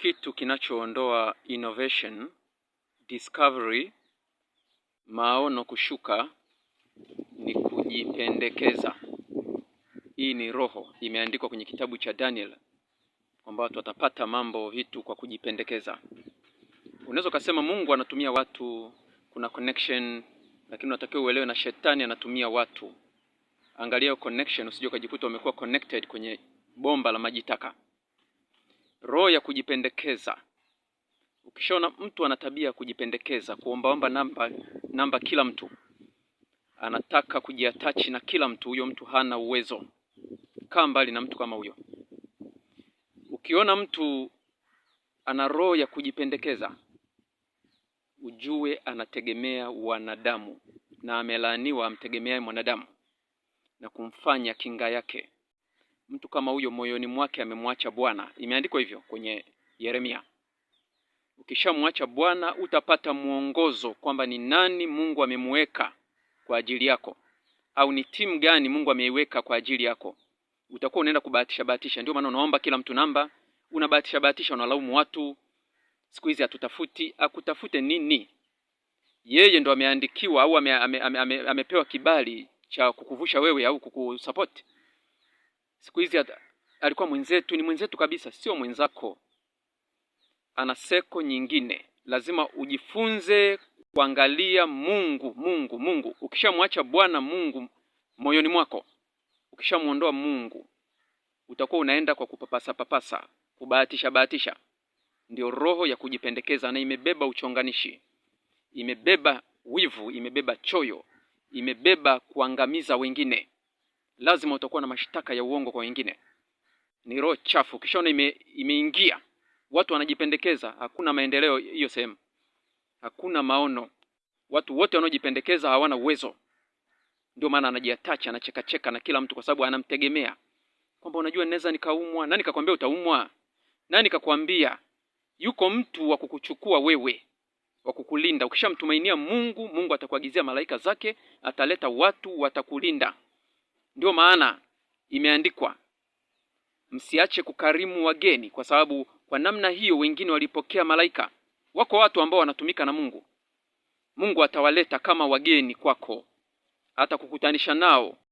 kitu kinachoondoa innovation, discovery, maono kushuka ni kujipendekeza. Hii ni roho, imeandikwa kwenye kitabu cha Daniel kwamba watu watapata mambo vitu kwa kujipendekeza. Unaweza ukasema Mungu anatumia watu, kuna connection, lakini unatakiwa uelewe na shetani anatumia watu. Angalia connection, usije ukajikuta umekuwa connected kwenye bomba la maji taka roho ya kujipendekeza. Ukishaona mtu ana tabia ya kujipendekeza, kuombaomba namba namba, kila mtu anataka kujiatachi na kila mtu, huyo mtu hana uwezo. Kaa mbali na mtu kama huyo. Ukiona mtu ana roho ya kujipendekeza, ujue anategemea wanadamu na amelaaniwa amtegemeaye mwanadamu na kumfanya kinga yake mtu kama huyo moyoni mwake amemwacha Bwana. Imeandikwa hivyo kwenye Yeremia. Ukishamwacha Bwana utapata mwongozo kwamba ni nani Mungu amemweka kwa ajili yako, au ni timu gani Mungu ameiweka kwa ajili yako. Utakuwa unaenda kubahatisha bahatisha. Ndio maana unaomba kila mtu namba, unabahatisha bahatisha, unalaumu watu. Siku hizi hatutafuti, akutafute nini? Yeye ndo ameandikiwa au ame, ame, ame, amepewa kibali cha kukuvusha wewe au kukusapoti siku hizi alikuwa mwenzetu, ni mwenzetu kabisa, sio mwenzako, ana seko nyingine. Lazima ujifunze kuangalia Mungu, Mungu, Mungu. Ukishamwacha Bwana Mungu moyoni mwako, ukishamwondoa Mungu, utakuwa unaenda kwa kupapasa papasa, kubahatisha bahatisha. Ndio roho ya kujipendekeza, na imebeba uchonganishi, imebeba wivu, imebeba choyo, imebeba kuangamiza wengine lazima utakuwa na mashtaka ya uongo kwa wengine. Ni roho chafu, kishaona ime, imeingia, watu wanajipendekeza. Hakuna maendeleo hiyo sehemu, hakuna maono. Watu wote wanaojipendekeza hawana uwezo, ndio maana anajiatacha, anachekacheka na kila mtu, kwa sababu anamtegemea kwamba unajua, naweza nikaumwa. Nani kakwambia utaumwa? Nani kakwambia? Yuko mtu wa kukuchukua wewe, wa kukulinda. Ukishamtumainia Mungu, Mungu atakuagizia malaika zake, ataleta watu watakulinda. Ndiyo maana imeandikwa, msiache kukarimu wageni, kwa sababu kwa namna hiyo wengine walipokea malaika. Wako watu ambao wanatumika na Mungu. Mungu atawaleta kama wageni kwako, kukutanisha nao.